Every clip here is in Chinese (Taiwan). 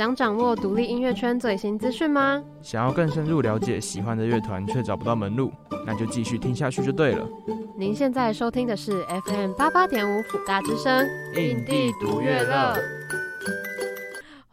想掌握獨立音樂圈最新資訊嗎？想要更深入了解喜歡的樂團，卻找不到門路，那就繼續聽下去就對了。您現在收聽的是 FM 八八點五輔大之聲《印地獨樂樂》，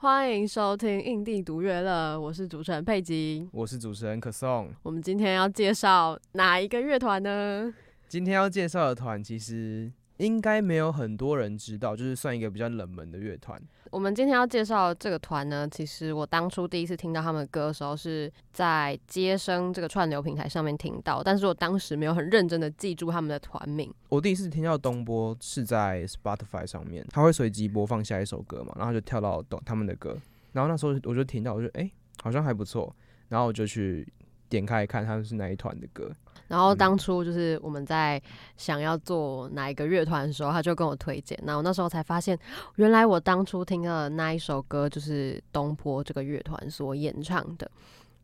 歡迎收聽《印地獨樂樂》，我是主持人佩吉，我是主持人可頌。我們今天要介紹哪一個樂團呢？今天要介紹的團其實應該沒有很多人知道，就是算一個比較冷門的樂團。我們今天要介紹這個團呢，其實我當初第一次聽到他們的歌的時候是在街聲這個串流平台上面聽到，但是我當時沒有很認真的記住他們的團名。我第一次聽到東波是在 Spotify 上面，他會隨機播放下一首歌嘛，然後就跳到他們的歌，然後那時候我就聽到，我就誒哎、欸、好像還不錯，然後我就去點開看他們是哪一團的歌。然後當初就是我們在想要做哪一個樂團的時候，他就跟我推薦。然後我那時候才發現，原來我當初聽到的那一首歌就是東波這個樂團所演唱的。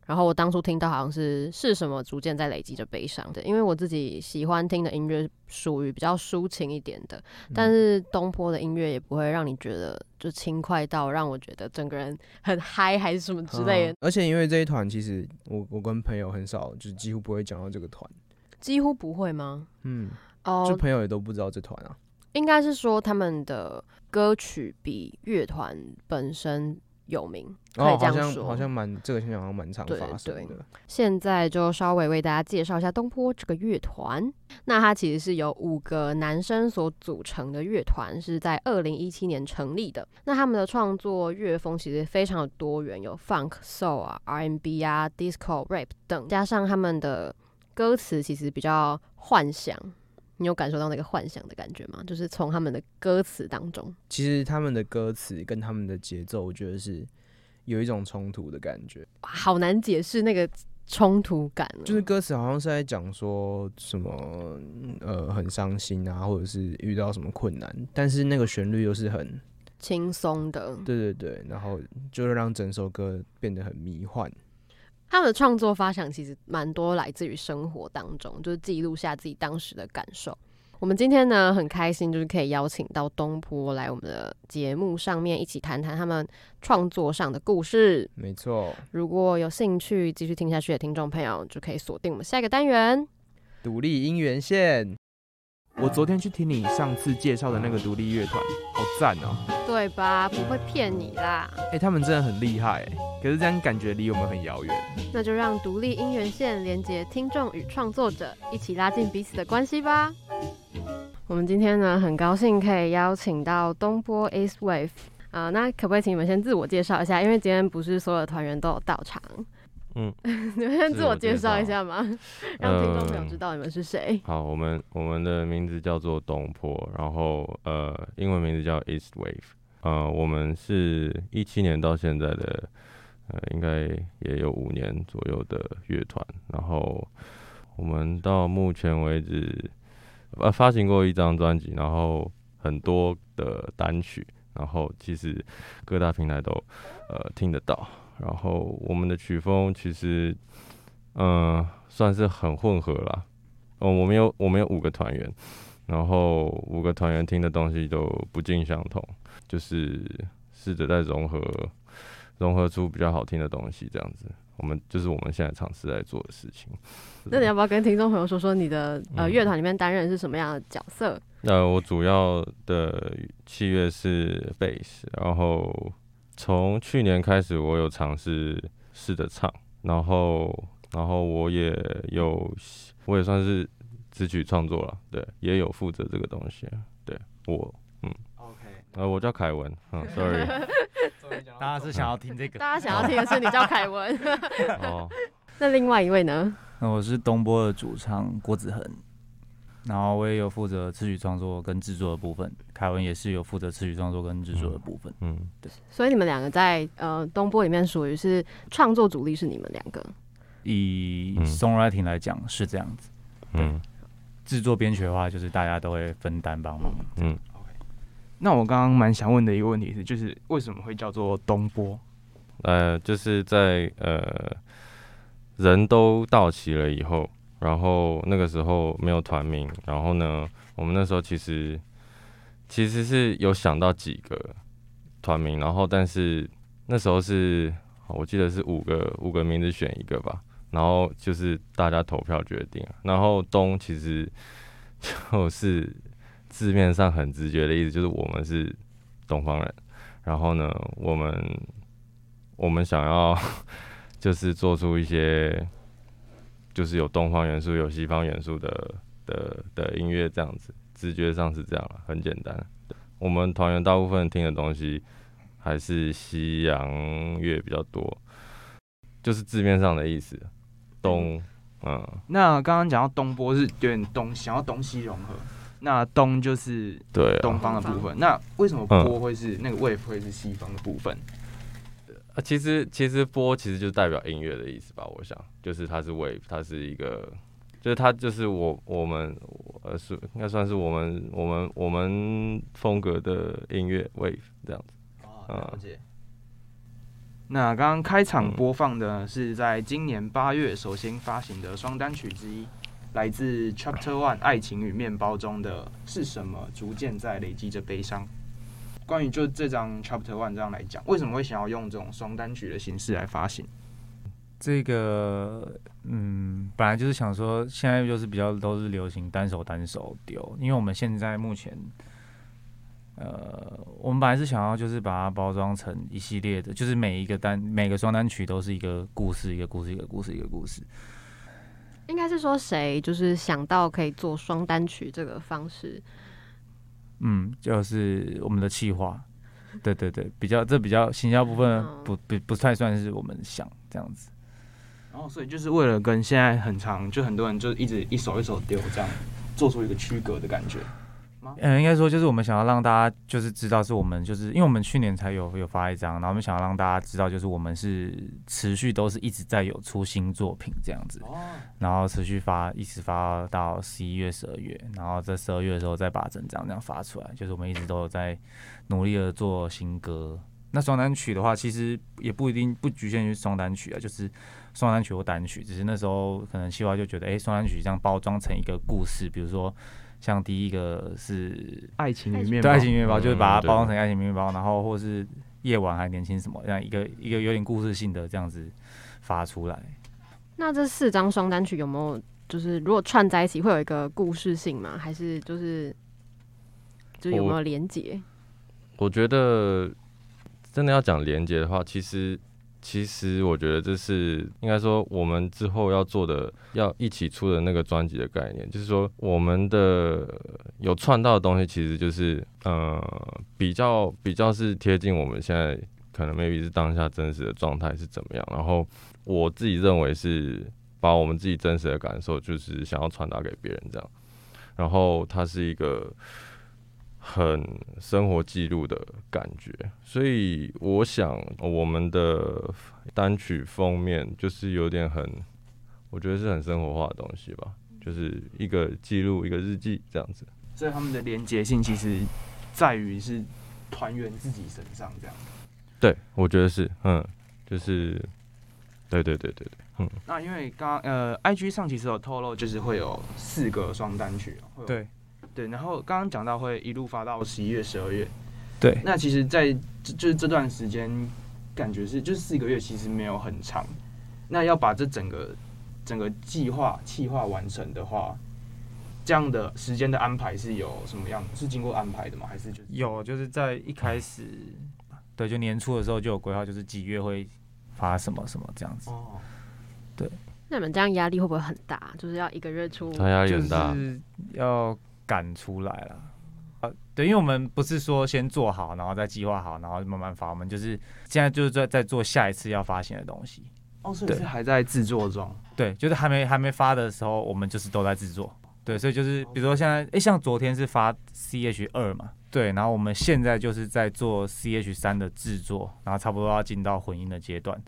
然後我當初聽到好像是是什麼逐漸在累積着悲傷的，因為我自己喜歡聽的音樂屬於比較抒情一點的，但是東波的音樂也不會讓你覺得就輕快到讓我覺得整個人很嗨還是什麼之類的。好好，而且因為這一團，其實我我跟朋友很少，就是幾乎不會講到這個團。幾乎不會嗎？嗯，哦、oh，就朋友也都不知道這團啊，應該是說他們的歌曲比樂團本身有名，oh, 可以這樣說，好像蠻，這個現象好像蠻常發生的，對對對。現在就稍微為大家介紹一下東波這個樂團，那它其實是由五個男生所組成的樂團，是在二零一七年成立的。那他們的創作樂風其實非常的多元，有 funk、soul 啊、R&B 啊、disco、rap 等，加上他們的。歌詞其實比較幻想，你有感受到那個幻想的感覺嗎？就是從他們的歌詞當中，其實他們的歌詞跟他們的節奏，我覺得是有一種衝突的感覺，哇，好難解釋那個衝突感。就是歌詞好像是在講說什麼，呃，很傷心啊，或者是遇到什麼困難，但是那個旋律又是很輕鬆的，對對對，然後就是讓整首歌變得很迷幻。他們的創作發想其實蠻多來自於生活當中，就是記錄下自己當時的感受。我們今天呢很開心，就是可以邀請到東波來我們的節目上面一起談談他們創作上的故事。沒錯，如果有興趣繼續聽下去的聽眾朋友，就可以鎖定我們下一個單元——獨立姻緣線。我昨天去聽你上次介紹的那個獨立樂團，好贊哦、喔！對吧？不會騙你啦！誒、欸，他們真的很厲害、欸，可是這樣感覺離我們很遙遠。那就讓獨立音源線連接聽眾與創作者，一起拉近彼此的關係吧。我們今天呢，很高興可以邀請到東波 East Wave 啊、呃，那可不可以請你們先自我介紹一下？因為今天不是所有的團員都有到場。嗯， 你們先自我介紹一下嗎？讓聽眾們知道你們是誰、嗯。好，我們我們的名字叫做東波，然後呃，英文名字叫 East Wave。呃，我們是一七年到現在的，呃，應該也有五年左右的樂團。然後我們到目前為止，呃，發行過一張專輯，然後很多的單曲，然後其實各大平台都呃聽得到。然後我們的曲風其實，嗯、呃，算是很混合了。哦，我們有我們有五個團員，然後五個團員聽的東西都不盡相同，就是試着在融合，融合出比較好聽的東西這樣子。我們就是我們現在嘗試在做的事情。那你要不要跟聽眾朋友說說你的、嗯、呃樂團裡面擔任是什麼樣的角色？呃、嗯，那我主要的器樂是貝斯，然後。從去年開始，我有嘗試試着唱，然後，然後我也有，我也算是自己創作了，對，也有負責這個東西，對我，嗯，OK，呃，我叫凱文，嗯，Sorry， 大家是想要聽這個、嗯，大家想要聽的是你叫凱文，哦 那另外一位呢？那我是東波的主唱郭子恆。然後我也有負責詞曲創作跟製作的部分，凱文也是有負責詞曲創作跟製作的部分。嗯，對。所以你們兩個在呃東波裡面屬於是創作主力是你們兩個。以 songwriting 來講是這樣子。嗯。製作編曲的話就是大家都會分擔幫忙。嗯。OK。那我剛剛蠻想問的一個問題是，就是為什麼會叫做東波？呃，就是在呃人都到齊了以後。然後那個時候沒有團名，然後呢，我們那時候其實其實是有想到幾個團名，然後但是那時候是，我記得是五個五個名字選一個吧，然後就是大家投票決定，然後東其實就是字面上很直覺的意思，就是我們是東方人，然後呢，我們我們想要就是做出一些。就是有東方元素、有西方元素的的的音樂這樣子，直覺上是這樣，很簡單。我們團員大部分聽的東西還是西洋樂比較多，就是字面上的意思。東，嗯。那剛剛講到東波是有點東，想要東西融合，那東就是對東方的部分、啊。那為什麼波會是那個 Wave 會是西方的部分？嗯啊，其實其實波其實就代表音樂的意思吧，我想，就是它是 wave，它是一個，就是它就是我我們呃是應該算是我們我們我們風格的音樂 wave 這樣子啊。了解。嗯。那剛剛開場播放的，是在今年八月首先發行的雙單曲之一，來自 Chapter One《愛情與麵包》中的是什麼？逐漸在累積着悲傷。關於就這張 Chapter One 這樣來講，為什麼會想要用這種雙單曲的形式來發行？這個，嗯，本來就是想說，現在就是比較都是流行單首單首丟，因為我們現在目前，呃，我們本來是想要就是把它包裝成一系列的，就是每一個單每個雙單曲都是一個故事，一個故事，一個故事，一個故事。應該是說誰就是想到可以做雙單曲這個方式？嗯，就是我們的企劃，對對對，比較這比較行銷部分不不不太算是我們想這樣子，然後所以就是為了跟現在很長，就很多人就一直一首一首丟這樣，做出一個區隔的感覺。嗯，應該說就是我們想要讓大家就是知道，是我們就是因為我們去年才有有發一張，然後我們想要讓大家知道，就是我們是持續都是一直在有出新作品這樣子，然後持續發一直發到十一月、十二月，然後在十二月的時候再把整張這樣發出來，就是我們一直都有在努力的做新歌。那雙單曲的話，其實也不一定不局限於雙單曲啊，就是雙單曲或單曲，只是那時候可能希望就覺得，哎，雙單曲這樣包裝成一個故事，比如說。像第一個是愛情麵包，愛情麵包就是把它包裝成愛情麵包，然後或是夜晚還年輕什麼，這樣。一個一個有點故事性的這樣子發出來。那這四張雙單曲有沒有就是如果串在一起會有一個故事性嗎？還是就是就有沒有連接？我，我覺得真的要講連接的話，其實。其實我覺得這是應該說我們之後要做的、要一起出的那個專輯的概念，就是說我們的有創造的東西，其實就是嗯、呃、比較比較是貼近我們現在可能 maybe 是當下真實的狀態是怎麼樣。然後我自己認為是把我們自己真實的感受，就是想要傳達給別人這樣。然後它是一個。很生活記錄的感覺，所以我想我們的單曲封面就是有點很，我覺得是很生活化的東西吧，就是一個記錄、一個日記這樣子。所以他們的連接性其實在於是團員自己身上這樣 對，我覺得是，嗯，就是，對對對對對，嗯。那因為剛呃，IG 上其實有透露，就是會有四個雙單曲喔，對。對，然後剛剛講到會一路發到十一月、十二月，對。那其實在這就是這段時間，感覺是就是四個月其實沒有很長。那要把這整個整個計劃計劃完成的話，這樣的時間的安排是有什麼樣？是經過安排的嗎？還是就是、有？就是在一開始、嗯，對，就年初的時候就有規劃，就是幾月會發什麼什麼這樣子。哦，對。那你們這樣壓力會不會很大？就是要一個月出，壓力很大。就是、要。趕出來了，啊、呃，對，因為我們不是說先做好，然後再計劃好，然後慢慢發。我們就是現在就是在在做下一次要發行的東西。哦，所以是還在制作中。對，就是還沒還沒發的時候，我們就是都在制作。對，所以就是比如說現在，哎，像昨天是發 CH 二嘛，對，然後我們現在就是在做 CH 三的制作，然後差不多要進到混音的階段。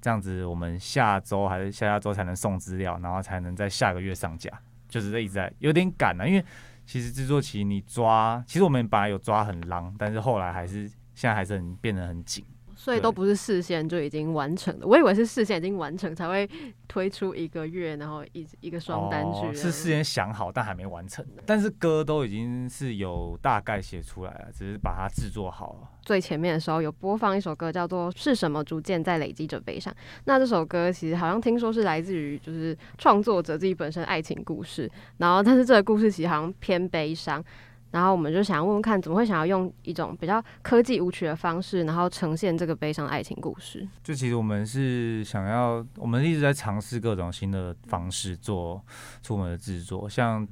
這樣子，我們下周還是下下周才能送資料，然後才能在下個月上架。就是一直在有點趕了、啊，因為。其實製作期你抓，其實我們本來有抓很長，但是後來還是現在還是很變得很緊，所以都不是事先就已經完成了。我以為是事先已經完成才會推出一個月，然後一一個雙單曲。哦。是事先想好 但還沒完成的，但是歌都已經是有大概寫出來了，只是把它製作好了。最前面的時候有播放一首歌，叫做《是什麼逐漸在累積着悲傷》。那這首歌其實好像聽說是來自於就是創作者自己本身愛情故事，然後但是這個故事其實好像偏悲傷。然後我們就想要問問看，怎麼會想要用一種比較科技舞曲的方式，然後呈現這個悲傷愛情故事？就其實我們是想要，我們一直在嘗試各種新的方式做出門的制作，像。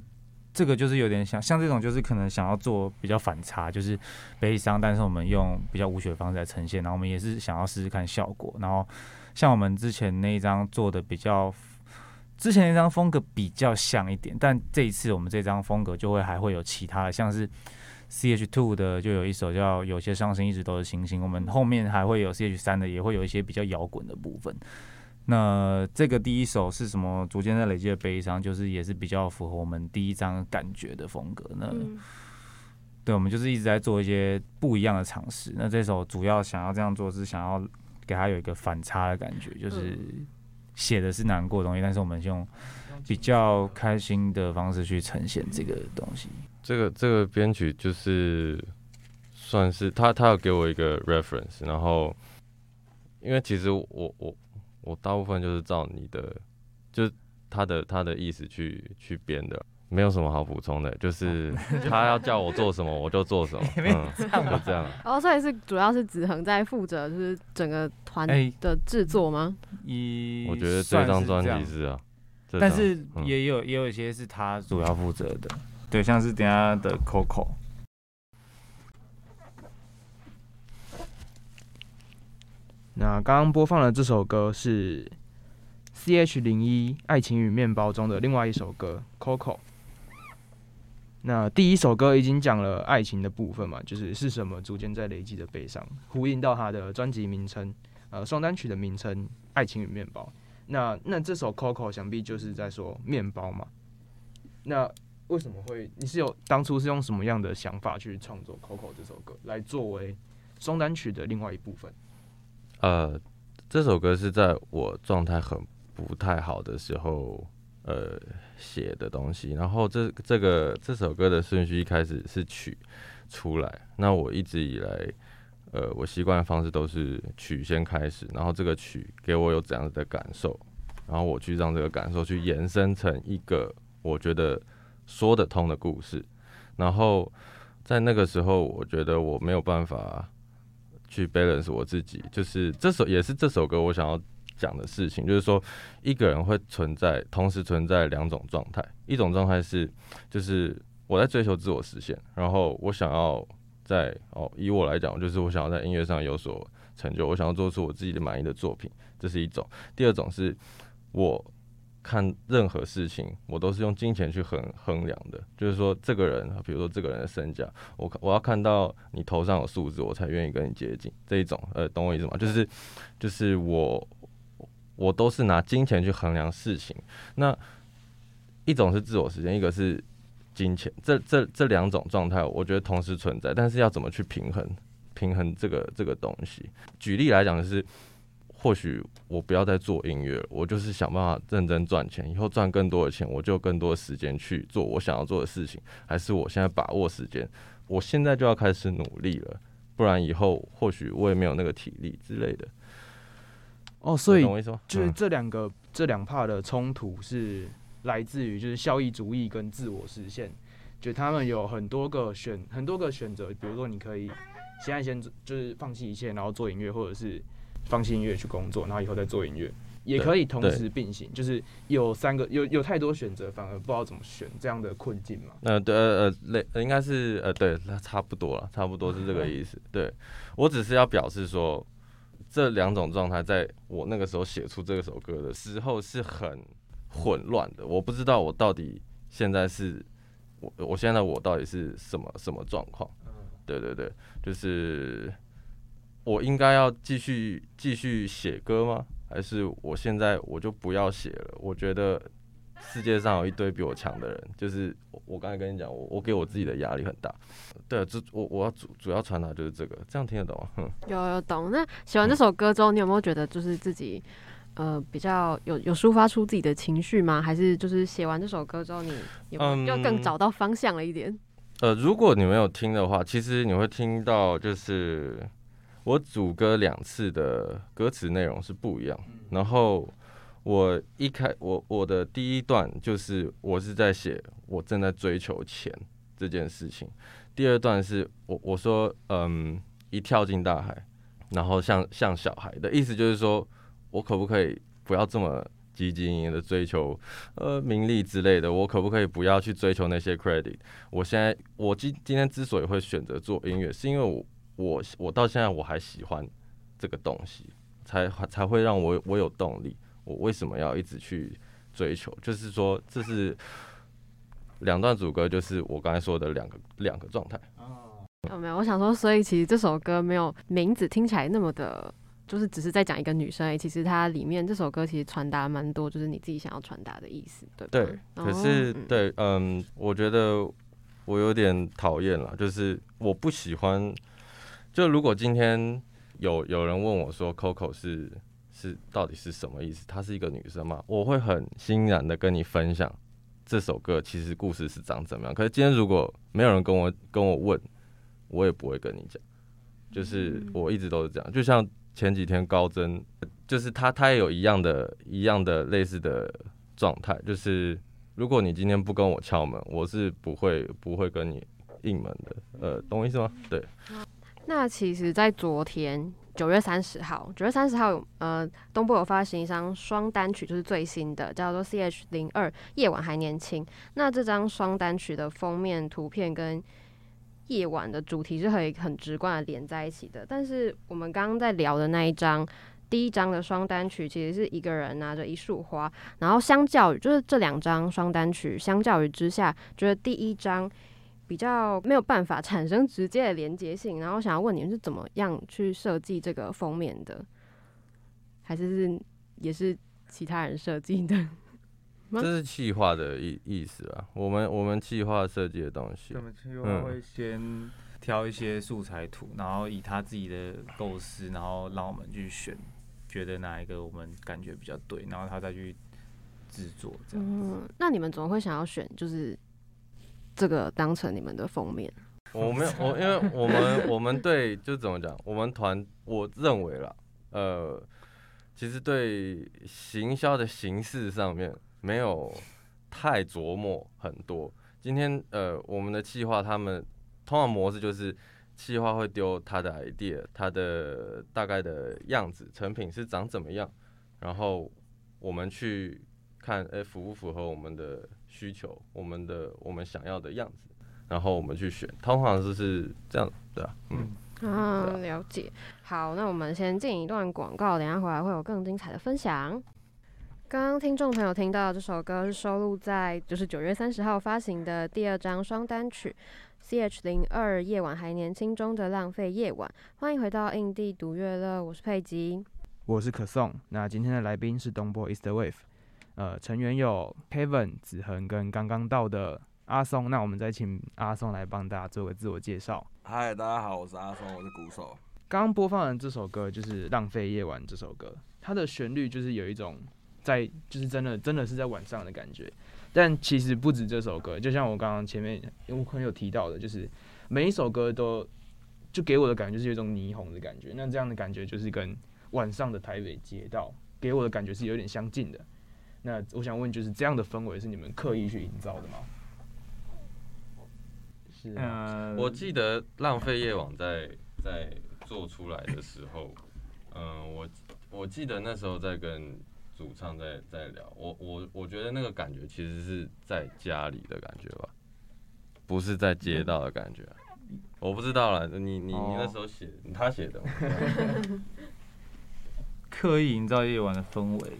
這個就是有點像，像這種，就是可能想要做比較反差，就是悲傷，但是我們用比較無血的方式來呈現。然後我們也是想要試試看效果。然後像我們之前那一張做的比較，之前那張風格比較像一點，但這一次我們這張風格就會還會有其他的，像是 C H Two 的就有一首叫《有些傷心一直都是星星》，我們後面還會有 C H 三的，也會有一些比較搖滾的部分。那這個第一首是什麼？逐漸在累積的悲傷，就是也是比較符合我們第一張感覺的風格。那對，我們就是一直在做一些不一樣的嘗試。那這首主要想要這樣做，是想要給他有一個反差的感覺，就是寫的是難過的東西，但是我們用比較開心的方式去呈現這個東西，嗯。這個這個編曲就是算是他他要給我一個 reference，然後因為其實我我。我大部分就是照你的，就他的他的意思去去編的，沒有什麼好補充的，就是他要叫我做什麼我就做什麼， 嗯，也沒這樣吧，就這樣。哦，所以是主要是子恆在負責，就是整個團的制作嗎？一、欸、我覺得這張專輯是啊，但是也有、嗯、也有一些是他主要負責的、嗯，對，像是等一下的 Coco。那剛剛播放的這首歌是 CH 零一《愛情與麵包》中的另外一首歌《Coco》。那第一首歌已經講了愛情的部分嘛，就是是什麼逐漸在累積的悲傷，呼應到他的專輯名稱，呃，雙單曲的名稱《愛情與麵包》。那那這首《Coco》想必就是在說麵包嘛。那為什麼會？你是有當初是用什麼樣的想法去創作《Coco》這首歌，來作為雙單曲的另外一部分？呃，這首歌是在我狀態很不太好的時候，呃，寫的東西。然後這這個這首歌的順序一開始是曲出來，那我一直以來，呃，我習慣的方式都是曲先開始，然後這個曲給我有怎樣的感受，然後我去讓這個感受去延伸成一個我覺得說得通的故事。然後在那個時候，我覺得我沒有辦法。去 balance 我自己，就是這首也是這首歌我想要講的事情，就是說一個人會存在同時存在兩種狀態，一種狀態是就是我在追求自我實現，然後我想要在哦以我來講就是我想要在音樂上有所成就，我想要做出我自己的滿意的作品，這是一種；第二種是我。看任何事情，我都是用金錢去衡衡量的。就是說，這個人，比如說這個人的身價，我我要看到你頭上有數字，我才願意跟你接近。這一種，呃，懂我意思嗎？就是，就是我我都是拿金錢去衡量事情。那一種是自我時間，一個是金錢。這這這兩種狀態，我覺得同時存在，但是要怎麼去平衡？平衡這個這個東西。舉例來講，就是。或許我不要再做音樂了，我就是想辦法認真賺錢，以後賺更多的錢，我就有更多的時間去做我想要做的事情，還是我現在把握時間，我現在就要開始努力了，不然以後或許我也沒有那個體力之類的。哦，所以，就是這兩個這兩 part 的衝突是來自於就是效益主義跟自我實現，就他們有很多個選很多個選擇，比如說你可以現在先就是放棄一切，然後做音樂，或者是。放棄音樂去工作，然後以後再做音樂，也可以同時並行，就是有三個，有有太多選擇，反而不知道怎麼選，這樣的困境嘛？那對，呃呃，類應該是呃，對，那、呃呃呃、差不多了，差不多是這個意思。嗯、對我只是要表示說，這兩種狀態在我那個時候寫出這首歌的時候是很混亂的，我不知道我到底現在是，我我現在我到底是什麼什麼狀況？嗯，對對對，就是。我應該要繼續繼續寫歌嗎？還是我現在我就不要寫了？我覺得世界上有一堆比我強的人。就是我我剛才跟你講，我我給我自己的壓力很大。對，這我我要主主要傳達就是這個，這樣聽得懂？有有懂。那寫完這首歌之後，你有沒有覺得就是自己、嗯、呃比較有有抒發出自己的情緒嗎？還是就是寫完這首歌之後，你有，有要更找到方向了一點、嗯？呃，如果你沒有聽的話，其實你會聽到就是。我主歌兩次的歌詞內容是不一樣。然後我一開我我的第一段就是我是在寫我正在追求錢這件事情。第二段是我我說嗯一跳進大海，然後像像小孩的意思就是說，我可不可以不要這麼積極的追求呃名利之類的？我可不可以不要去追求那些 credit？我現在我今今天之所以會選擇做音樂，是因為我。我我到現在我還喜歡這個東西，才才會讓我我有動力。我為什麼要一直去追求？就是說，這是兩段主歌，就是我剛才說的兩個兩個狀態。啊、oh, oh, oh, oh.，有、 oh, 沒有？我想說，所以其實這首歌沒有名字聽起來那麼的，就是只是在講一個女生而已。其實它裡面這首歌其實傳達蠻多，就是你自己想要傳達的意思，對不對？Oh, 可是，oh, 對，嗯，嗯，我覺得我有點討厭了，就是我不喜歡。就如果今天有有人問我說 Coco 是是到底是什麼意思？她是一個女生嗎？我會很欣然的跟你分享這首歌其實故事是長怎麼樣。可是今天如果沒有人跟我跟我問，我也不會跟你講。就是我一直都是這樣，就像前幾天高真，就是他他也有一樣的、一樣的類似的狀態。就是如果你今天不跟我敲門，我是不會不會跟你應門的。呃，懂我意思嗎？對。那其實，在昨天九月三十號，九月三十號呃，東波有發行一張雙單曲，就是最新的，叫做《CH 零二夜晚還年輕》。那這張雙單曲的封面圖片跟夜晚的主題是可以很，很直觀的連在一起的。但是我們剛剛在聊的那一張，第一張的雙單曲，其實是一個人拿着一束花。然後相較於，就是這兩張雙單曲，相較於之下，就是第一張。比較沒有辦法產生直接的連接性，然後想要問你們是怎麼樣去設計這個封面的，還是是也是其他人設計的？這是企劃的意意思吧，我們我們企劃設計的東西，我們企劃會先挑一些素材圖，嗯嗯，然後以他自己的構思，然後讓我們去選，覺得哪一個我們感覺比較對，然後他再去製作這樣子。嗯，那你們怎麼會想要選就是？這個當成你們的封面。我沒有我，因為我們我們對 就怎麼講，我們團我認為啦，呃，其實對行銷的形式上面沒有太琢磨很多。今天呃，我們的企劃，他們通常模式就是企劃會丟他的 idea，他的大概的樣子，成品是長怎麼樣，然後我們去看，哎、欸，符不符合我們的。需求，我們的我們想要的樣子，然後我們去選，通常就是，是這樣，對吧，啊？嗯啊，了解。好，那我們先進一段廣告，等下回來會有更精彩的分享。剛剛聽眾朋友聽到這首歌是收錄在，就是九月三十號發行的第二張雙單曲 CH02《夜晚還年輕》中的《浪費夜晚》。歡迎回到印第獨樂樂，我是佩吉，我是可頌。那今天的來賓是東波 EastWave。呃，成員有 Heaven 子恆跟剛剛到的阿松，那我們再請阿松來幫大家做個自我介紹。嗨，大家好，我是阿松，我是鼓手。剛剛播放的這首歌就是《浪費夜晚》這首歌，它的旋律就是有一種在，就是真的真的是在晚上的感覺。但其實不止這首歌，就像我剛剛前面有朋友提到的，就是每一首歌都就給我的感覺就是有一種霓虹的感覺。那這樣的感覺就是跟晚上的台北街道給我的感覺是有點相近的。那我想問，就是這樣的氛圍是你們刻意去營造的嗎？是啊，我記得浪費夜晚在在做出來的時候， 嗯，我我記得那時候在跟主唱在在聊，我我我覺得那個感覺其實是在家裡的感覺吧，不是在街道的感覺，我不知道啦，你你、oh. 你那時候寫他寫的嗎？ 刻意營造夜晚的氛圍。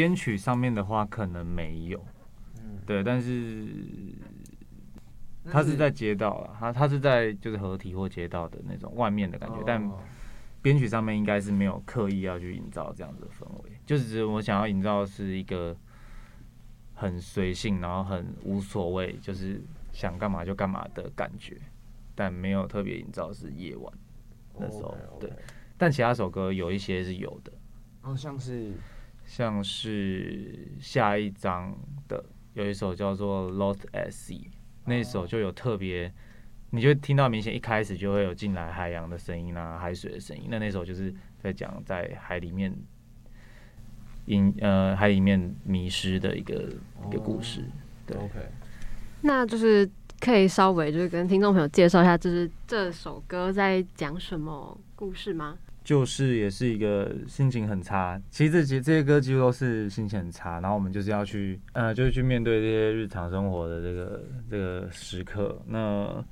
編曲上面的話可能沒有，嗯、對，但是它是在街道啊，它它是在就是合體或街道的那種外面的感覺，哦、但編曲上面應該是沒有刻意要去營造這樣子的氛圍，就是只我想要營造的是一個很隨性，然後很無所謂，就是想幹嘛就幹嘛的感覺，但沒有特別營造的是夜晚、哦、那時候，哦、okay, 對，但其他首歌有一些是有的，好、哦、像是。像是下一張的有一首叫做《Lost at Sea》那首就有特別，你就聽到明顯一開始就會有進來海洋的聲音啦、啊、海水的聲音。那那首就是在講在海裡面，隱、嗯、呃海裡面迷失的一個、oh, 一個故事。對，okay. 那就是可以稍微就是跟聽眾朋友介紹一下，就是這首歌在講什麼故事嗎？就是也是一個心情很差，其實這這些歌幾乎都是心情很差，然後我們就是要去，呃，就是去面對這些日常生活的這個這個時刻。那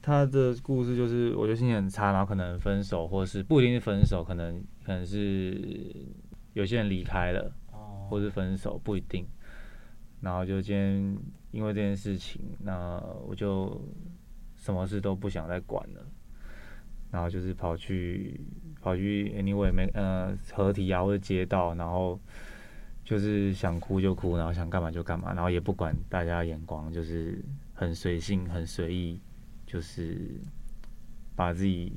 他的故事就是，我覺得心情很差，然後可能分手，或是不一定是分手，可能可能是有些人離開了，或是分手不一定。然後就今天因為這件事情，那我就什麼事都不想再管了，然後就是跑去。跑去 anyway 沒呃河堤啊、或者街道，然後就是想哭就哭，然後想幹嘛就幹嘛，然後也不管大家的眼光，就是很隨性、很隨意，就是把自己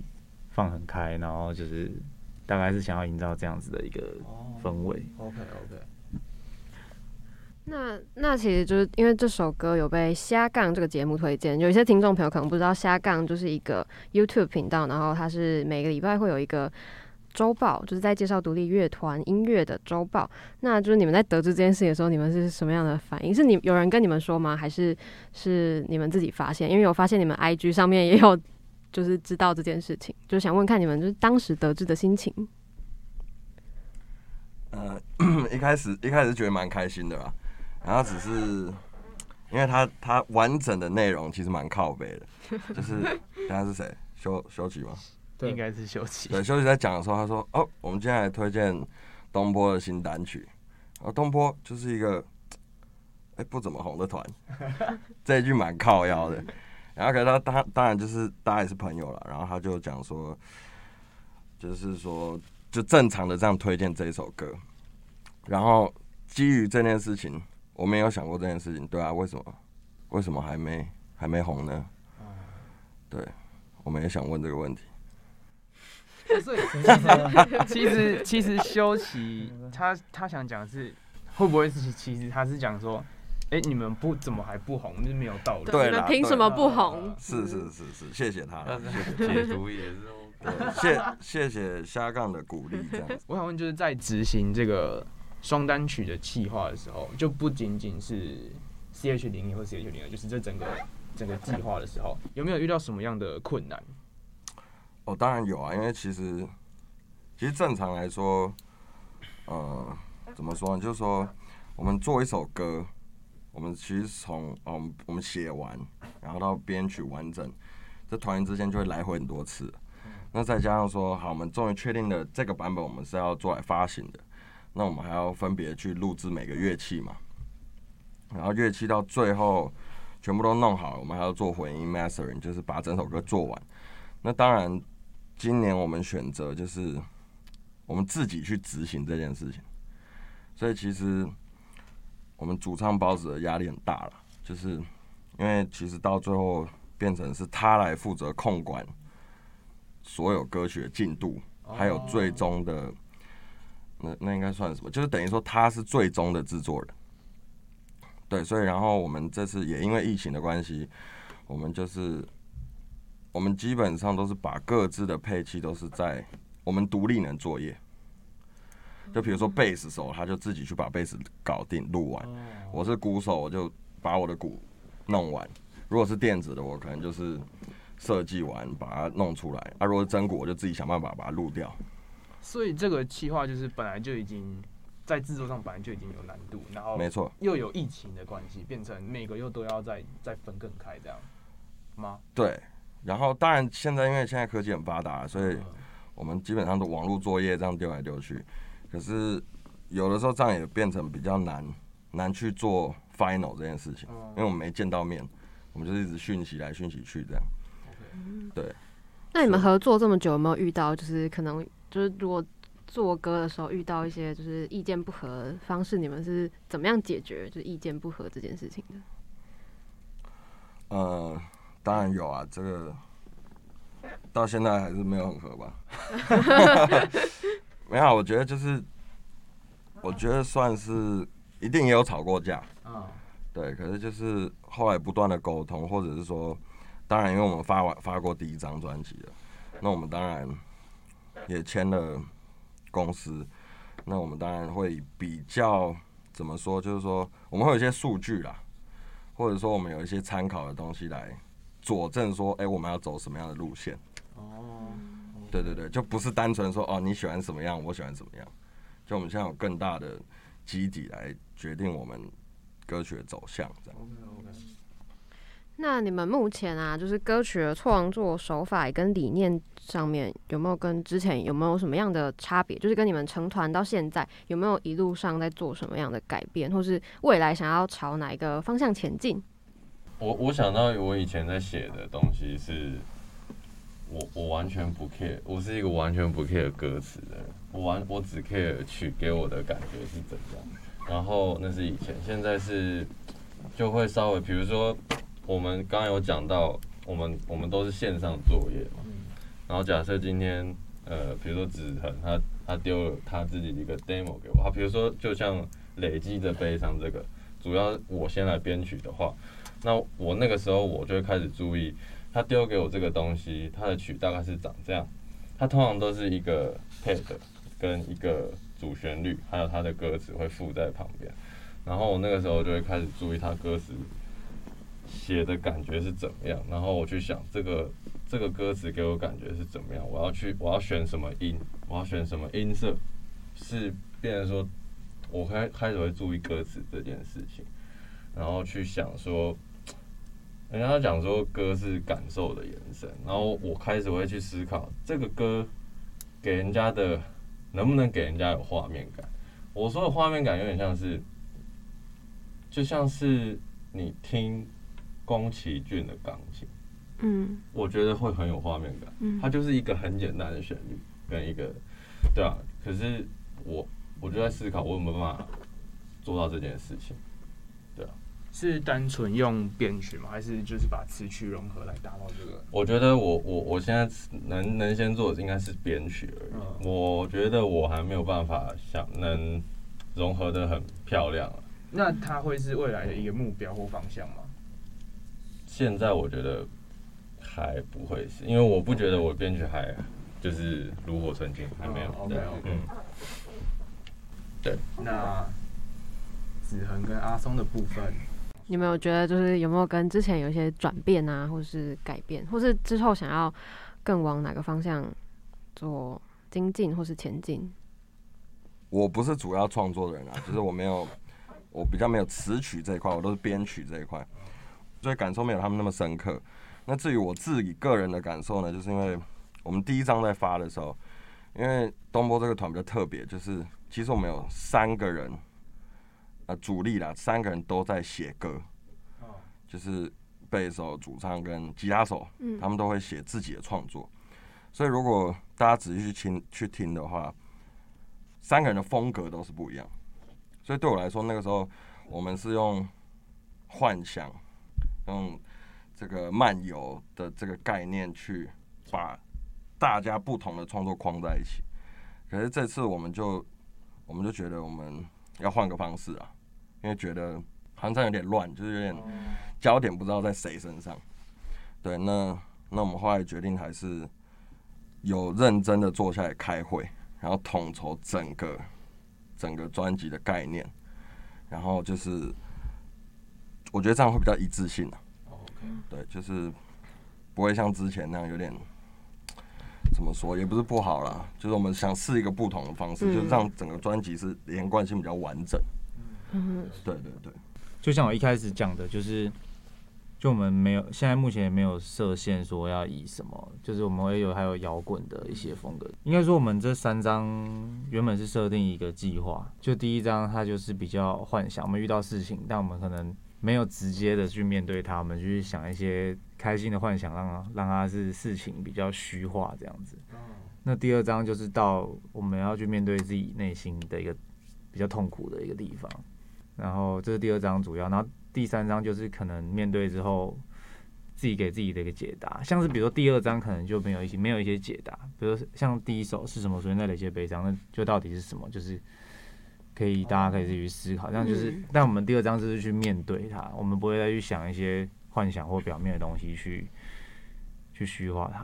放很開，然後就是大概是想要營造這樣子的一個氛圍。Oh, OK OK。那那其實就是因為這首歌有被《瞎槓》這個節目推薦，有一些聽眾朋友可能不知道，《瞎槓》就是一個 YouTube 頻道，然後它是每個禮拜會有一個週報，就是在介紹獨立樂團音樂的週報。那就是你們在得知這件事情的時候，你們是什麼樣的反應？是你有人跟你們說嗎？還是是你們自己發現？因為我發現你們 IG 上面也有就是知道這件事情，就想問看你們就是當時得知的心情。呃，一開始一開始覺得蠻開心的吧。然後只是，因為他他完整的內容其實蠻靠北的，就是他是誰？修修奇嗎？對，應該是修奇。對，修奇在講的時候，他說：“哦，我們今天來推薦東波的新單曲。”然後東波就是一個哎、欸、不怎麼紅的團，這一句蠻靠腰的。然後可是他當當然就是大家也是朋友了，然後他就講說，就是說就正常的這樣推薦這一首歌。然後基於這件事情。我沒有想過這件事情，對啊，為什麼，為什麼還沒還沒紅呢？Uh, 對，我們也想問這個問題。啊、其實其實修奇 他他想講的是會不會是其實他是講說，哎、欸，你們不怎麼還不紅，就是沒有道理，對憑什麼不紅？是是是是，謝謝他解讀也是，謝謝 謝蝦謝槓 的鼓勵。這樣子，我想問就是在執行這個。雙單曲的計劃的時候，就不僅僅是 C H 零一或 C H 零二，就是這整個整個計劃的時候，有沒有遇到什麼樣的困難？哦，當然有啊，因為其實其實正常來說，呃，怎麼說呢？就是說，我們做一首歌，我們其實從我們、哦、我們寫完，然後到編曲完整，這團員之間就會來回很多次、嗯。那再加上說，好，我們終於確定了這個版本，我們是要做來發行的。那我們還要分別去錄制每個樂器嘛，然後樂器到最後全部都弄好，我們還要做混音 mastering，就是把整首歌做完。那當然，今年我們選擇就是我們自己去執行這件事情，所以其實我們主唱包子的壓力很大了，就是因為其實到最後變成是他來負責控管所有歌曲的進度，還有最終的。那那應該算什麼？就是等於說他是最終的制作人，對，所以然後我們這次也因為疫情的關係，我們就是我們基本上都是把各自的配器都是在我們獨立能作業。就比如說貝斯手，他就自己去把貝斯搞定錄完；我是鼓手，我就把我的鼓弄完。如果是電子的，我可能就是設計完把它弄出來；啊，如果是真鼓，我就自己想辦法把它錄掉。所以這個企劃就是本來就已經在制作上本來就已經有難度，然後沒錯又有疫情的關係，變成每個又都要再再分更開這樣嗎？對，然後當然現在因為現在科技很發達，所以我們基本上都網絡作業這樣丟來丟去。可是有的時候這樣也變成比較難難去做 final 這件事情，因為我們沒見到面，我們就一直訊息來訊息去這樣。Okay. 對，那你們合作這麼久有沒有遇到就是可能？就是如果做歌的時候遇到一些就是意見不合的方式，你們是怎麼樣解決？就是意見不合這件事情的。呃，當然有啊，這個到現在還是沒有很合吧。 沒有、啊，我覺得就是，我覺得算是一定也有吵過架。嗯、uh.。對，可是就是後來不斷的溝通，或者是說，當然因為我們發完發過第一張專輯了，那我們當然。也簽了公司，那我們當然會比較怎麼說？就是說我們會有一些數據啦，或者說我們有一些參考的東西來佐證說，哎、欸，我們要走什麼樣的路線？哦、oh, okay.，對對對，就不是單純說哦你喜歡什麼樣，我喜歡什麼樣，就我們現在有更大的基底來決定我們歌曲的走向，這樣。Okay, okay. 那你們目前啊，就是歌曲的創作手法跟理念上面有沒有跟之前有沒有什麼樣的差別？就是跟你們成團到現在，有沒有一路上在做什麼樣的改變，或是未來想要朝哪一個方向前進？我我想到我以前在寫的東西是，我我完全不 care，我是一個完全不 care 歌詞的人，我完我只 care 曲給我的感覺是怎樣。然後那是以前，現在是就會稍微比如說。我們剛剛有講到，我們我們都是線上作業嘛。嗯。然後假設今天，呃，比如說子恆他，他他丟了他自己的一個 demo 給我。他比如說，就像累積的悲傷這個，主要我先來編曲的話，那我那個時候我就會開始注意他丟給我這個東西，他的曲大概是長這樣。他通常都是一個 pad 跟一個主旋律，還有他的歌詞會附在旁邊。然後我那個時候就會開始注意他歌詞。寫的感覺是怎麼樣？然後我去想這個這個歌詞給我感覺是怎麼樣？我要去我要選什麼音？我要選什麼音色？是變成說，我開開始會注意歌詞這件事情，然後去想說，人家講說歌是感受的延伸，然後我開始會去思考這個歌給人家的能不能給人家有畫面感？我說的畫面感有點像是，就像是你聽。宮崎駿的鋼琴，嗯，我覺得會很有畫面感。嗯，它就是一個很簡單的旋律跟一個，對啊。可是我，我就在思考，我有沒有辦法做到這件事情？對啊，是單純用編曲嗎？還是就是把詞曲融合來達到這個？我覺得我我我現在能能先做的，應該是編曲而已，嗯。我覺得我還沒有辦法想能融合的很漂亮，啊，那它會是未來的一個目標或方向嗎？嗯現在我覺得還不會，是因為我不覺得我編曲還就是爐火純青，還沒有。嗯，對，okay, okay. 嗯，對。那子恆跟阿松的部分，你有沒有覺得就是有沒有跟之前有一些轉變啊，或是改變，或是之後想要更往哪個方向做精進或是前進？我不是主要創作的人啊，就是我沒有，我比較沒有詞曲這一塊，我都是編曲這一塊。所以感受沒有他們那麼深刻。那至於我自己個人的感受呢，就是因為我們第一張在發的時候，因為東波這個團比較特別，就是其實我們有三個人，啊，主力啦，三個人都在寫歌，就是貝斯手、主唱跟吉他手，他們都會寫自己的創作。所以如果大家仔細去聽去聽的話，三個人的風格都是不一樣。所以對我來說，那個時候我們是用幻想。用這個漫遊的這個概念去把大家不同的創作框在一起，可是這次我們就我們就覺得我們要換個方式啊，因為覺得好像有點亂，就是有點焦點不知道在誰身上。對，那那我們後來決定還是有認真的坐下來開會，然後統籌整個整個專輯的概念，然後就是。我覺得這樣會比較一致性、啊、對，就是不會像之前那樣有點怎麼說，也不是不好啦。就是我們想試一個不同的方式，就是讓整個專輯是連貫性比較完整。嗯，對對對。 就像我一開始講的，就是就我們沒有，現在目前也沒有設限說要以什麼，就是我們會有還有搖滾的一些風格。應該說，我們這三張原本是設定一個計劃，就第一張它就是比較幻想，我們遇到事情，但我們可能。沒有直接的去面對他們，就是想一些開心的幻想讓，讓讓他是事情比較虛化這樣子。那第二章就是到我們要去面對自己內心的一個比較痛苦的一個地方，然後這是第二章主要，然後第三章就是可能面對之後自己給自己的一個解答，像是比如說第二章可能就沒有一些沒有一些解答，比如說像第一首是什麼原因帶來一些悲傷，那就到底是什麼，就是。可以，大家可以自己去思考，okay. 這樣就是，但我們第二張就是去面對它。嗯，我們不會再去想一些幻想或表面的東西去去虛化它。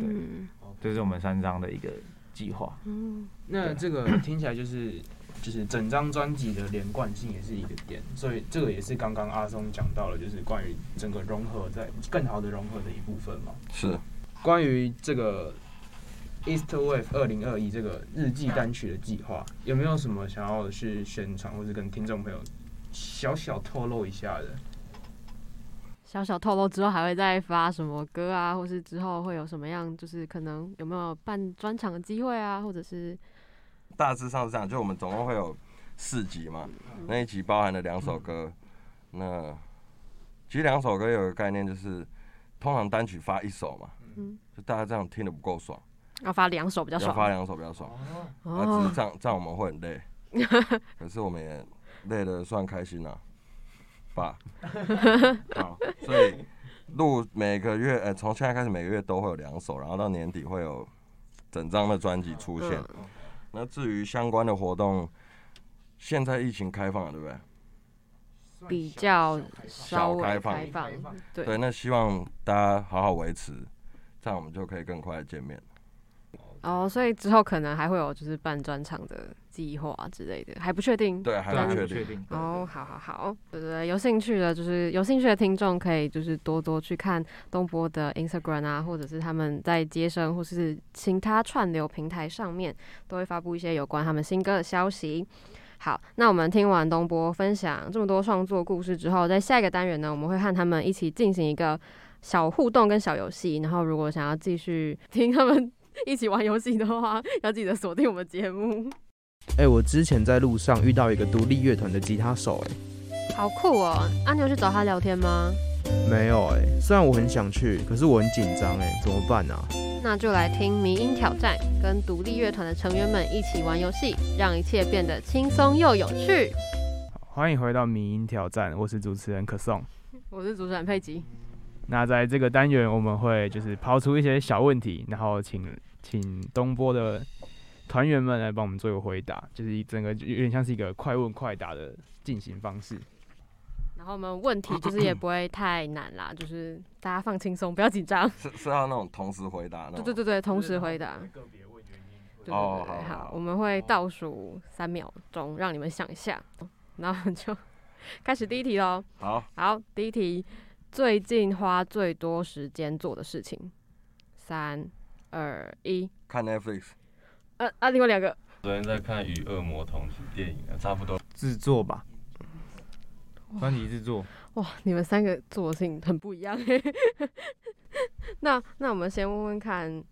對、嗯，這是我們三張的一個計劃。嗯，那這個聽起來就是就是整張專輯的連貫性也是一個點，所以這個也是剛剛阿松講到了，就是關於整個融合在更好的融合的一部分嘛。是，關於這個。EastWave 二零二一這個日記單曲的計劃，有沒有什麼想要去宣傳，或是跟聽眾朋友小小透露一下的？小小透露之後，還會再發什麼歌啊？或是之後會有什麼樣，就是可能有沒有辦專場的機會啊？或者是大致上是這樣，就我們總共會有四集嘛，嗯、那一集包含了兩首歌。嗯、那其實兩首歌有個概念，就是通常單曲發一首嘛，嗯，就大家這樣聽的不夠爽。要發兩首比較爽，發兩首比較爽。那、oh. 啊、只是這樣這樣我們會很累， 可是我們也累的算開心了、啊，吧？ 好，所以錄每個月，呃、欸，從現在開始每個月都會有兩首，然後到年底會有整張的專輯出現。嗯、那至於相關的活動，現在疫情開放了，對不對？比較稍微開放，小開放，開放對，對。那希望大家好好維持，這樣我們就可以更快的見面。哦、oh,，所以之後可能還會有就是辦專場的計劃之類的，還不確定，對、嗯、還不確定、對。對，還不確定。哦，好好好，對對對，有興趣的，就是有興趣的聽眾可以就是多多去看東波的 Instagram 啊，或者是他們在街聲或是其他串流平台上面都會發布一些有關他們新歌的消息。好，那我們聽完東波分享這麼多創作故事之後，在下一個單元呢，我們會和他們一起進行一個小互動跟小遊戲。然後，如果想要繼續聽他們。一起玩遊戲的話，要記得鎖定我們節目。欸，我之前在路上遇到一個獨立樂團的吉他手欸，好酷喔！阿牛去找他聊天嗎？沒有欸，哎，雖然我很想去，可是我很緊張，哎，怎麼辦啊？那就來聽迷音挑戰，跟獨立樂團的成員們一起玩遊戲，讓一切變得輕鬆又有趣。歡迎回到迷音挑戰，我是主持人可頌，我是主持人佩吉。那在這個單元，我們會就是拋出一些小問題，然後請。請東波的團員們來幫我們做一個回答，就是一整個就有點像是一個快問快答的進行方式。然後我們問題就是也不會太難啦，咳咳就是大家放輕鬆，不要緊張。是是要那種同時回答？對對對對，同時回答。個別問原因，對對對，哦，好，好，好，我們會倒數三秒鐘，哦，讓你們想一下，然後就開始第一題嘍。好。好，第一題：最近花最多時間做的事情。三。二一，看 Netflix。呃，啊，另外兩個，昨天在看《與惡魔同行》電影。啊，差不多製作吧，專輯製作。哇，你們三個做的事情很不一樣欸。 那那我們先問問看，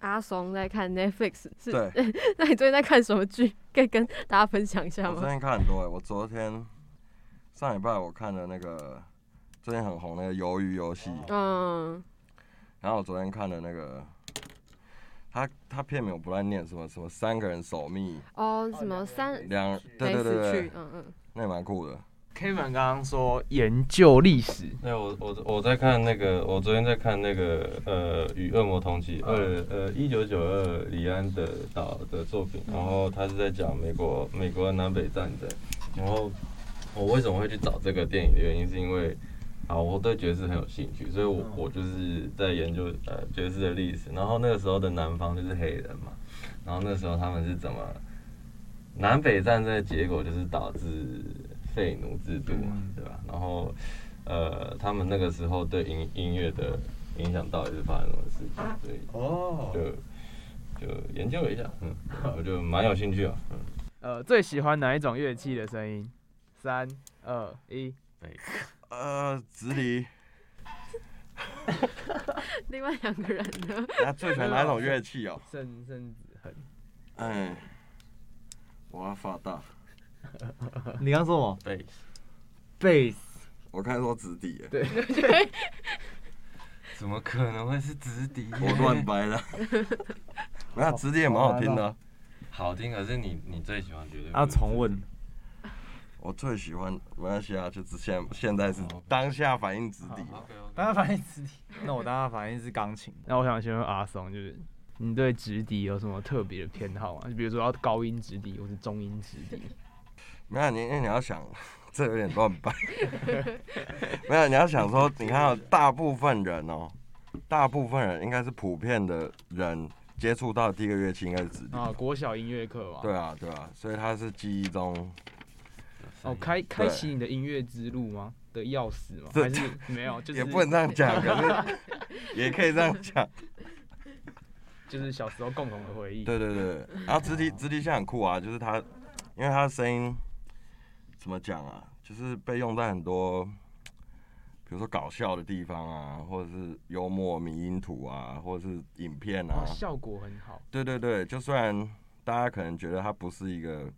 阿松在看 Netflix 是？對。欸、那你昨天在看什麼劇？可以跟大家分享一下嗎？我昨天看很多哎，欸，我昨天上禮拜我看的那個最近很紅那個《魷魚遊戲》。嗯，然後我昨天看了那個。他他片名我不亂念，什麼什麼三個人守密哦、oh，什麼三兩對對對，對，對去嗯嗯，那也蠻酷的。Kevin 剛剛說研究歷史，對，我我我在看那個，我昨天在看那個呃《與惡魔同妻》呃呃，一九九二李安的導的作品，然後他是在講美國美國南北戰爭，然後我為什麼會去找這個電影的原因是因為。啊，我對爵士很有興趣，所以我我就是在研究呃爵士的歷史。然後那個時候的南方就是黑人嘛，然後那時候他們是怎麼南北戰爭的結果就是導致廢奴制度嘛，對吧？然後呃，他們那個時候對音音樂的影響到底是發生什麼事情？對哦，就就研究了一下，嗯，我就蠻有興趣啊。嗯，呃，最喜歡哪一種樂器的聲音？三二一。 呃，直笛。 另外兩個人呢？那、啊、最喜歡哪種樂器哦？深深子恆。哎，我要發大。你剛說什麼？貝斯。貝斯。我看說直笛對 怎麼可能會是直笛 我亂掰白了。哈 有 好，直笛也蠻好聽的，啊好。好聽，可是你你最喜歡絕對。啊，重問我最喜歡馬來西亞，就是現在現在是當下反應直笛，當下反應直笛。那我當下反應， 當下反應是鋼琴。那我想先問阿松，就是你對直笛有什麼特別的偏好啊？你比如說要高音直笛，或是中音直笛？ 沒有、啊，你你你要想， 這有點亂掰 沒有、啊，你要想說，你看、哦，大部分人哦，大部分人應該是普遍的人接觸到的第一個樂器應該是直笛啊，國小音樂課吧？對啊，對啊，所以他是記憶中。哦，開開啟你的音樂之路嗎？的鑰匙嗎？還是沒有？就是、也不能這樣講，可是 也可以這樣講，就是小時候共同的回憶。對對對，然、啊、後直笛直笛像很酷啊，就是他因為他的聲音怎麼講啊？就是被用在很多，比如說搞笑的地方啊，或者是幽默、迷音圖啊，或者是影片啊，哦，效果很好。對對對，就雖然大家可能覺得他不是一個。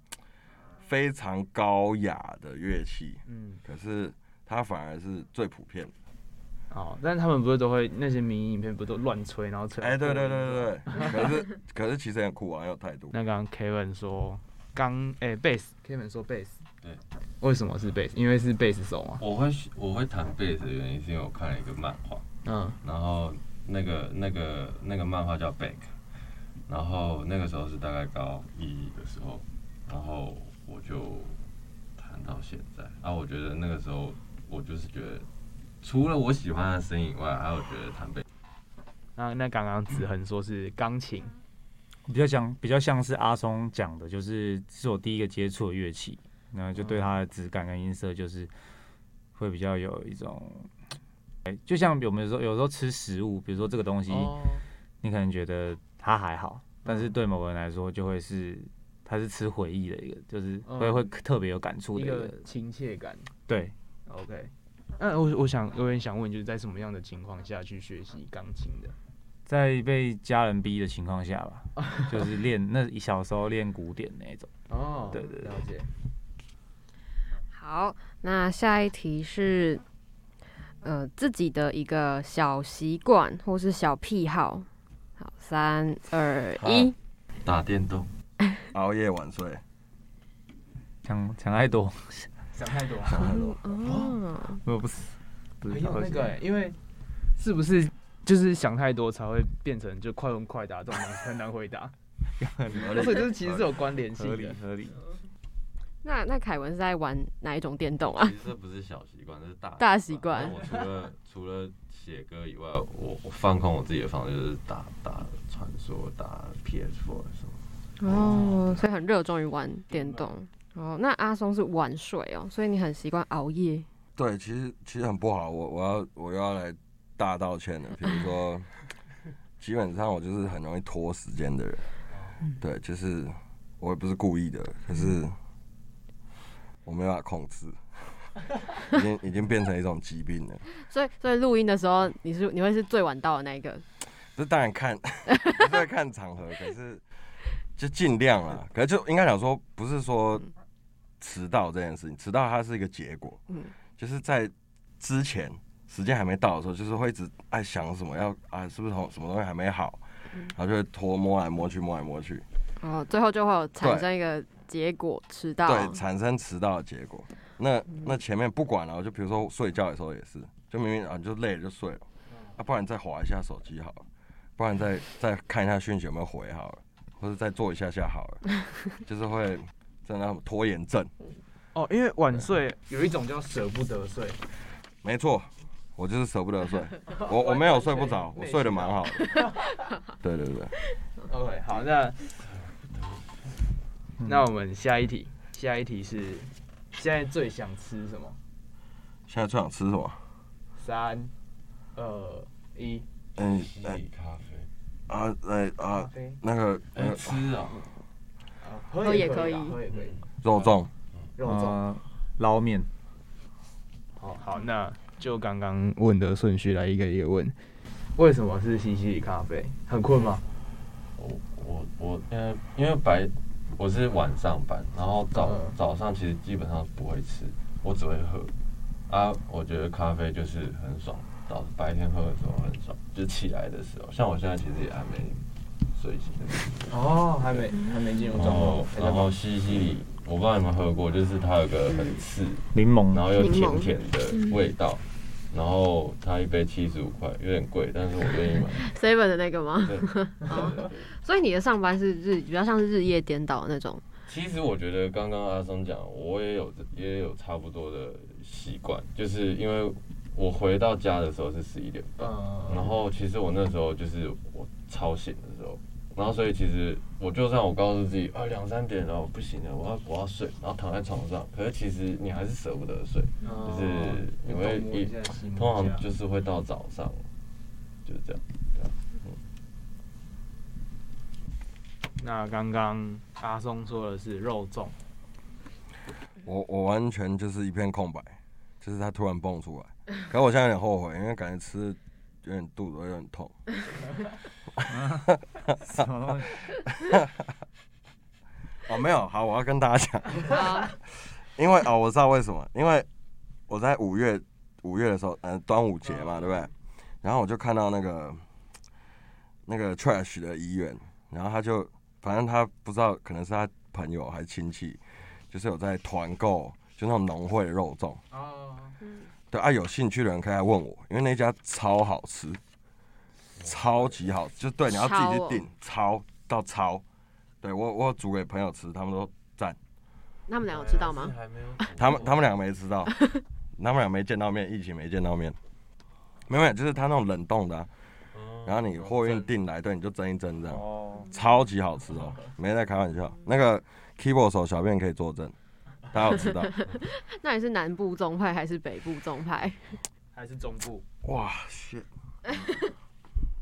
非常高雅的樂器，嗯，可是它反而是最普遍的哦，但他們不是都會那些民影片不是都亂吹，不都亂吹然後吹？哎、欸，對對對對。可 是可是，可是其實很酷啊，還有態度。那剛剛 Kevin 說，剛哎，貝、欸、斯 Kevin 說貝斯，對，為什麼是貝斯、啊？因為是貝斯手嘛。我會我會彈貝斯的原因是因為我看了一個漫畫，嗯，然後那個那個那個漫畫叫 Bank，然後那個時候是大概高一、e、的時候，嗯、然後。就彈到現在然後、啊、我覺得那個時候，我就是覺得，除了我喜歡的聲音以外，還有覺得彈貝。那那剛剛子恆說是鋼琴、嗯，比較像比較像是阿松講的，就是是我第一個接觸的樂器，然後就對它的質感跟音色，就是會比較有一種，哎、嗯，就像我們說，有時候有時候吃食物，比如說這個東西、哦，你可能覺得它還好，但是對某人來說，就會是。他是吃回憶的一個，就是會會特別有感觸的一個、嗯、親切感。對，OK。啊，那我我想有點想問，就是在什麼樣的情況下去學習鋼琴的？在被家人逼的情況下吧， 就是練那小時候練古典那種。哦，對，對對，了解。好，那下一題是，呃，自己的一個小習慣或是小癖好。好，三二一，打電動。熬夜晚睡，想想太多，想太多， 想太多、啊嗯。哦，我、哦、不是，不是那個、欸嗯。因為是不是就是想太多才會變成就快問快答這種東西，很難回答。啊、所以就是其實是有關聯性的。合理，合理。那那凱文是在玩哪一種電動啊？其實這不是小習慣， 這是大大習慣。我除了 除了寫歌以外我，我放空我自己的方式就是打打傳說，打 PS4 什麼。哦，所以很熱衷於玩電動哦。那阿松是晚睡哦，所以你很習慣熬夜。對，其實其實很不好。我我要我又要來大道歉了。比如說， 基本上我就是很容易拖時間的人、嗯。對，就是我也不是故意的，可是、嗯、我沒辦法控制，已經已經變成一種疾病了。 所以所以錄音的時候，你是你會是最晚到的那一個。不是當然看，這 看場合，可是。就盡量啦、嗯，可是就應該講說，不是說遲到這件事情，遲到它是一個結果。嗯、就是在之前時間還沒到的時候，就是會一直愛想什麼要啊，是不是好什麼東西還沒好、嗯，然後就會拖摸來摸去摸來摸去。哦、嗯，最後就會有產生一個結果，遲到。對，產生遲到的結果。那、嗯、那前面不管了，啊，就比如說睡覺的時候也是，就明明啊就累了就睡了，啊不然再滑一下手機好了，不然再再看一下訊息有沒有回好了。我是再做一下下好了， 就是會真的拖延症哦，因為晚睡有一種叫舍不得睡。沒錯，我就是舍不得睡。 我我沒有睡不着， 我睡得蠻好的。 對對對。OK，好，那那我們下一題，下一題是現在最想吃什麼？現在最想吃什麼？三二一，嗯、欸。啊，來啊、Okay. 那個，那個吃啊，喝、啊、也可以，喝也可以。肉粽，啊、肉粽，撈、啊、麵。好，那就剛剛問的順序來一個一個問。為什麼是西西里咖啡？很困嗎？我我我，嗯，因為白我是晚上班，然後早、嗯、早上其實基本上不會吃，我只會喝。啊，我覺得咖啡就是很爽。白天喝的時候很爽，就起來的時候，像我現在其實也還沒睡醒。哦，還沒還沒進入狀態。然後西西里、嗯，我不知道你們喝過，就是它有個很刺檸、嗯、檬，然後又甜甜的味道。然後它一杯七十五塊，有點貴，但是我願意買。Seven 的那個嗎？所以你的上班是日比較像是日夜顛倒那種。其實我覺得剛剛阿松講，我也有也有差不多的習慣，就是因為。我回到家的時候是十一點半，嗯，然後其實我那時候就是我超醒的時候，然後所以其實我就算我告訴自己啊，兩三點了，我不行了，我要我要睡，然後躺在床上，可是其實你還是捨不得睡，嗯、就是因為一通常就是會到早上，就是這樣，這樣，嗯，那剛剛阿松說的是肉粽，我我完全就是一片空白，就是他突然蹦出來。可我現在有點後悔，因為感覺吃有點肚子有點痛。哈哈哈哈哈！ 哦，沒有，好，我要跟大家講， 因為哦，我知道為什麼，因為我在五月五月的時候，呃，端午節嘛，對不對？然後我就看到那個那個 trash 的醫院，然後他就反正他不知道，可能是他朋友還是親戚，就是有在團購，就那種農會的肉粽。Oh, oh, oh. 就啊，有興趣的人可以來問我，因為那家超好吃，超級好，就對，你要自己去訂，超、哦、超到超，對，我我煮給朋友吃，他們說讚。他們倆有吃到嗎？他們他們倆沒吃到， 他們倆沒見到面，疫情沒見到面，沒有，就是他那種冷凍的、啊，然後你貨運訂來，對，你就蒸一蒸這樣，超級好吃哦，沒在開玩笑、嗯，那個 keyboard 手小便可以作證。太好吃了， 那你是南部粽派還是北部粽派？ 還是中部？哇塞！Shit.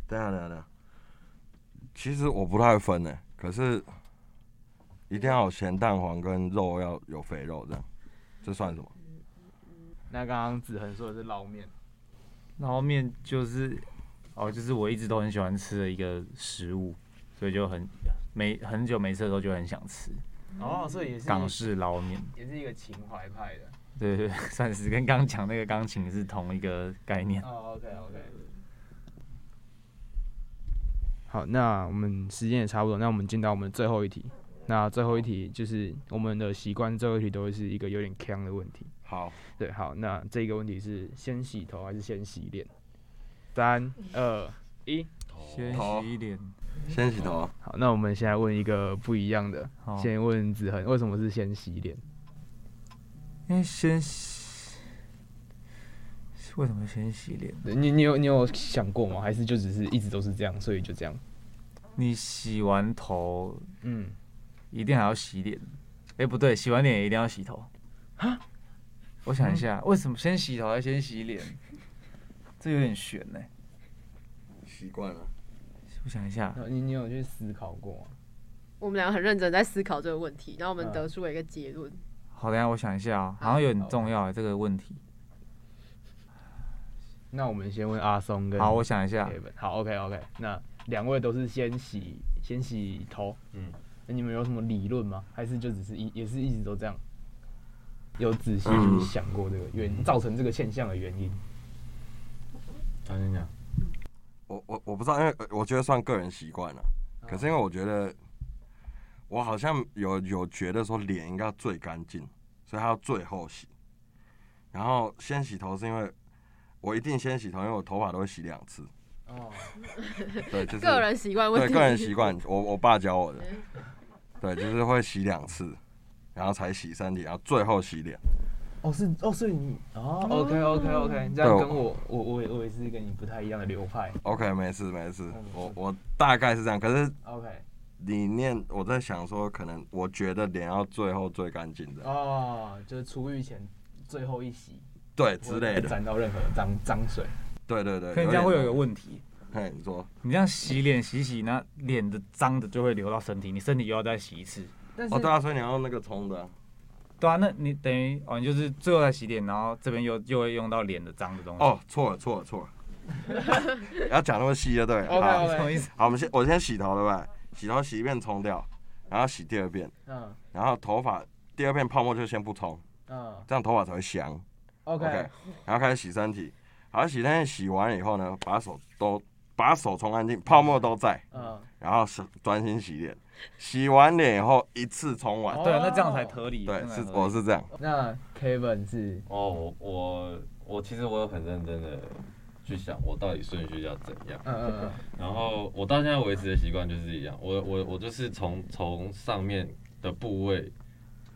等下，等下，等下，其實我不太分呢，可是一定要有鹹蛋黃跟肉，要有肥肉這樣，這算什麼？嗯嗯、那剛剛子恆說的是撈麵，撈麵就是哦，就是我一直都很喜歡吃的一個食物，所以就很沒很久沒吃的時候就很想吃。哦，所以也是港式撈面，也是一個情懷派的，對，對對，算是跟剛講那個鋼琴是同一個概念。哦，oh，OK OK。好，那我們時間也差不多，那我們進到我們最後一題。那最後一題就是我們的習慣，最後一題都會是一個有點嗆的問題。好，對，好，那這個問題是先洗頭還是先洗臉？三二一，先洗臉。先洗頭、哦，好，那我們現在問一個不一樣的，先問子恆，為什麼是先洗臉？因為先，洗。為什麼先洗臉？你你有你有想過嗎？還是就只是一直都是這樣，所以就這樣？你洗完頭，嗯，一定還要洗臉？哎、欸，不對，洗完臉也一定要洗頭？哈？我想一下、嗯，為什麼先洗頭還是先洗臉？這有點玄呢、欸。習慣了。我想一下，你你有去思考過嗎？我們兩個很認真在思考這個問題，然後我們得出了一個結論、啊。好的呀，我想一下啊、哦，好像有很重要啊這個問題。那我們先問阿松跟、Aven、好，我想一下。好，OK OK，那兩位都是先洗先洗頭，嗯、欸，你們有什麼理論嗎？還是就只是一也是一直都這樣？有仔細去想過這個、嗯、原因造成這個現象的原因？張先生。我我我不知道，因為我覺得算個人習慣了。可是因為我覺得，我好像有有覺得說臉應該要最乾淨，所以它要最後洗。然後先洗頭是因為我一定先洗頭，因為我頭髮都會洗兩次。哦， 對，就是個人習慣。我我，我爸教我的。 對，就是會洗兩次，然後才洗身體，然後最後洗臉。哦是哦所以你哦，OK OK OK，你這樣跟我我我也我也是跟你不太一樣的流派。OK 沒事沒事，嗯、我我大概是這樣，可是 OK，理念我在想說，可能我覺得臉要最後最乾淨的。哦，就是出浴前最後一洗。對，之類的。沾到任何的髒髒水。對對對。可是你這樣會有一個問題，嘿，你說，你這樣洗臉洗洗那臉的髒的就會流到身體，你身體又要再洗一次。哦對啊，所以你要用那個沖的。對啊，那你等於哦，你就是最後再洗臉，然後這邊又又會用到臉的髒的東西。哦，錯了錯了錯了，不 要講那麼細就對。哦，不好意思。好，我們先我先洗頭對不對？洗頭洗一遍沖掉，然後洗第二遍。嗯。然後頭髮第二遍泡沫就先不沖。嗯。這樣頭髮才會香。OK。Okay, 然後開始洗身體。好，洗身體洗完以後呢，把手都把手沖乾淨，泡沫都在。嗯。然後是專心洗臉。洗完臉以後一次沖完，oh, 對，那這樣才合理。Oh. 對，是我是這樣。那 Kevin 是哦、oh,，我我其實我有很認真的去想我到底順序要怎樣。Uh, uh, uh. 然後我到現在維持的習慣就是一樣，我我我就是從從上面的部位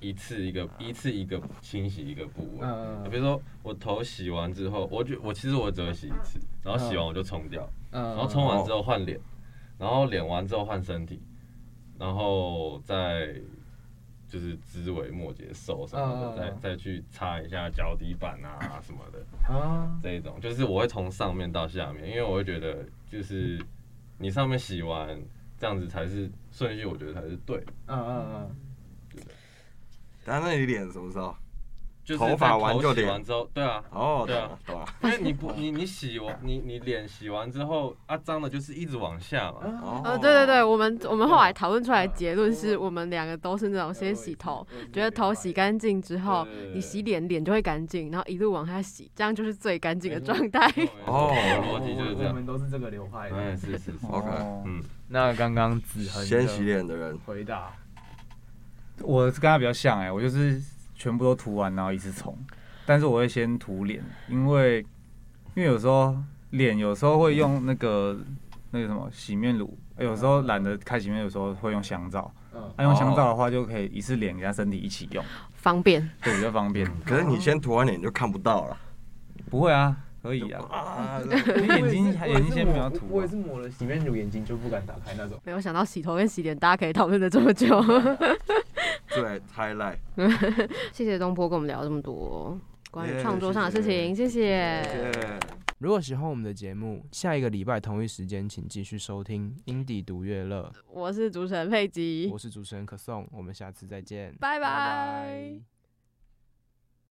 一次一個一次一個清洗一個部位。Uh, uh, uh. 比如說我頭洗完之後，我就我其實我只會洗一次，然後洗完我就沖掉，uh, uh, uh. 然後沖完之後換臉，oh. 然後臉完之後換身體。然後再就是枝微末節、手什麼的，啊啊啊再再去擦一下腳底板啊什麼的啊，啊，這一種就是我會從上面到下面，因為我會覺得就是你上面洗完這樣子才是順序，我覺得才是對嗯嗯啊啊，啊啊！但那你臉什麼時候？就是在頭洗完之後，對啊，哦，對啊，對啊，因為你不，你你洗完，你你臉洗完之後啊，髒的就是一直往下嘛。哦、啊，對對對，我們我們後來討論出來的結論是我們兩個都是那種先洗頭，覺得頭洗乾淨之後，你洗臉臉就會乾淨，然後一路往下洗，這樣就是最乾淨的狀態。哦，邏輯就是這樣，我都是這個流派，嗯，是是是，OK，嗯，那剛剛子恆先洗臉的人回答，我是跟他比較像哎、欸，我就是。全部都塗完，然後一次沖。但是我會先塗臉，因為因為有時候臉有時候會用那個那個什麼洗面乳，啊、有時候懶得開洗面，有時候會用香皂。嗯、啊，那、啊、用香皂的話，就可以一次臉跟身體一起用，方便，對，比較方便。可是你先塗完臉就看不到了、啊，不會啊，可以啊。所以眼睛眼睛先不要塗，我也是抹了洗面乳，眼睛就不敢打開那種。沒有想到洗頭跟洗臉大家可以討論了這麼久。嗯 對，太賴。 謝謝東波跟我們聊這麼多關於創作上的事情，yeah, 謝謝。謝謝謝謝 yeah. 如果喜歡我們的節目，下一個禮拜同一時間，請繼續收聽《音笛讀樂樂》。我是主持人佩吉，我是主持人可頌，我們下次再見，拜拜。Bye bye